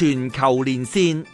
全球連線，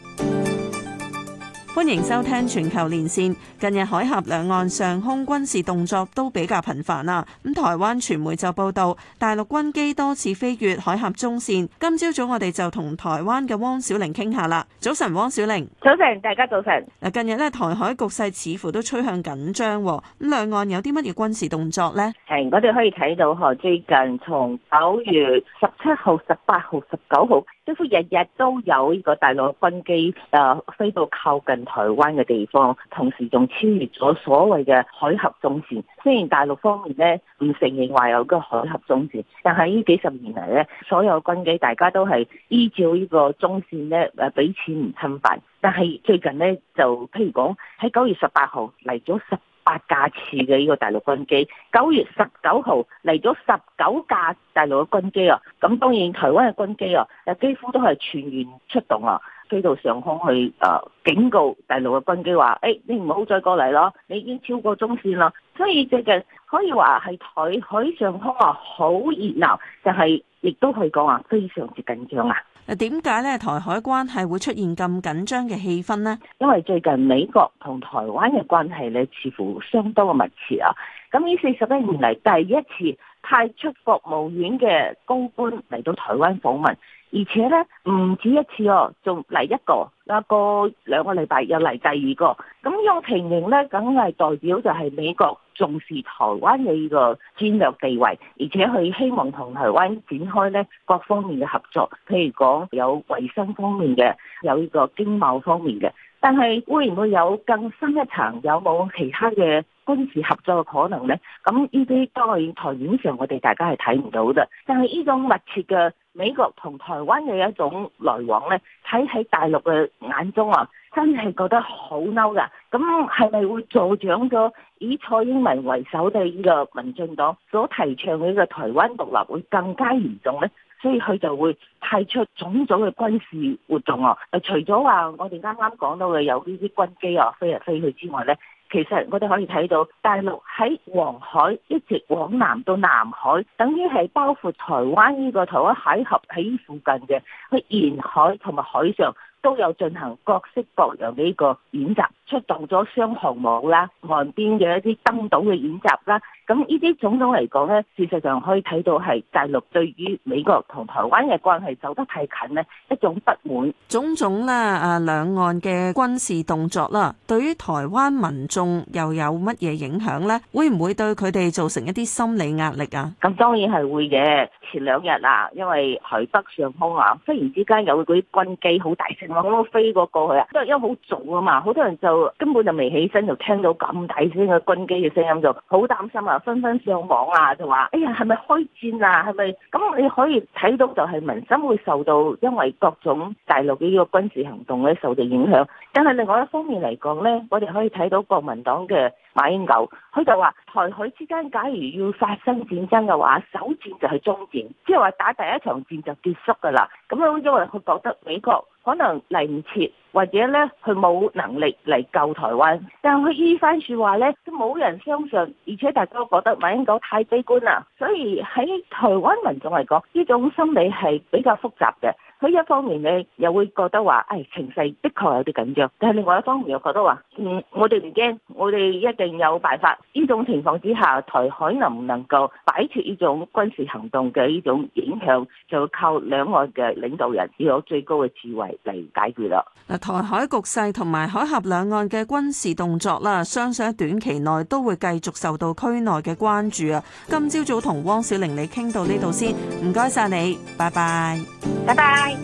歡迎收聽全球連線。近日海峽兩岸上空軍事動作都比較頻繁啦！咁台灣傳媒就報道大陸軍機多次飛越海峽中線。今朝早我哋就同台灣嘅汪小玲傾下啦。早晨，汪小玲。早晨，大家早晨。嗱，近日呢台海局勢似乎都趨向緊張，咁兩岸有啲乜嘢軍事動作呢？係、嗯，我哋可以睇到最近從九月十七號、十八號、十九號。幾乎日日都有呢個大陸軍機，誒飛到靠近台灣嘅地方，同時仲穿越咗所謂嘅海峽中線。雖然大陸方面呢唔承認話有個海峽中線，但係呢幾十年嚟呢，所有軍機大家都係依照呢個中線呢誒彼此唔侵犯。但係最近呢，就譬如講喺九月十八號嚟咗十八架次嘅呢個大陸軍機，九月十九號嚟咗十九架大陸嘅軍機啊，咁當然台灣嘅軍機啊，又幾乎都係全員出動啊，飛到上空去，誒警告大陸嘅軍機話，誒、欸、你唔好再過嚟咯，你已經超過中線啦。所以最近可以話係台海上空啊，好熱鬧，但係亦都可以講話非常之緊張啊！誒點解咧台海關係會出現咁緊張嘅氣氛呢？因為最近美國同台灣嘅關係咧，似乎相當嘅密切啊！咁呢四十一年嚟第一次派出國務院嘅高官嚟到台灣訪問，而且咧唔止一次哦，仲嚟一個，一個兩個禮拜又嚟第二個。咁呢種情形咧，梗係代表就係美國。重視台灣嘅呢個戰略地位，而且佢希望同台灣展開呢各方面嘅合作，譬如講有衞生方面嘅，有呢個經貿方面嘅，但係會唔會有更深一層？有冇其他嘅？軍事合作嘅可能咧，咁呢啲當然台面上我哋大家係睇唔到嘅，但係呢種密切嘅美國同台灣嘅一種來往咧，睇喺大陸嘅眼中啊，真係覺得好嬲噶。咁係咪會助長咗以蔡英文為首嘅呢個民進黨所提倡嘅呢個台灣獨立會更加嚴重咧？所以佢就會派出種種嘅軍事活動、啊、除咗話我哋啱啱講到嘅有呢啲軍機啊飛嚟飛去之外呢，其實我哋可以睇到大陸喺黃海一直往南到南海，等於係包括台灣呢個台灣海峽喺附近嘅，去沿海同埋海上。都有進行各式各樣嘅呢個演習，出動咗雙航母啦，岸邊嘅一啲登島嘅演習啦。咁呢啲種種嚟講呢，事實上可以睇到係大陸對於美國同台灣嘅關係走得太近呢，一種不滿。種種啦，啊兩岸嘅軍事動作啦，對於台灣民眾又有乜嘢影響呢？會唔會對佢哋造成一啲心理壓力啊？咁當然係會嘅。前兩日啊，因為台北上空啊，忽然之間有嗰啲軍機好大聲。我飛過過去啊，因為因為好早啊嘛，好多人就根本就未起身，就聽到咁大聲嘅軍機嘅聲音，就好擔心啊，紛紛上網啊，就話：哎呀，係咪開戰啊？係咪咁？你可以睇到就係民心會受到因為各種大陸嘅呢個軍事行動咧，受到影響。但係另外一方面嚟講咧，我哋可以睇到國民黨嘅馬英九，佢就話：台海之間假如要發生戰爭嘅話，首戰就係終戰，即係話打第一場戰就結束噶啦。咁樣，因為佢覺得美國。可能嚟唔切。或者咧佢冇能力嚟救台灣，但佢依番說話咧都冇人相信，而且大家都覺得馬英九太悲觀啦。所以喺台灣民眾嚟講，呢種心理係比較複雜嘅。佢一方面呢，又會覺得話，誒、哎、情勢的確有啲緊張，但另外一方面又覺得話，嗯，我哋唔驚，我哋一定有辦法。呢種情況之下，台海能唔能夠擺脱呢種軍事行動嘅呢種影響，就靠兩岸嘅領導人要有最高嘅智慧嚟解決啦。台海局勢同埋海峽兩岸嘅軍事動作啦，相信喺短期內都會繼續受到區內嘅關注啊。今朝早同汪小玲你傾到呢度先，唔該晒你，拜拜，拜拜。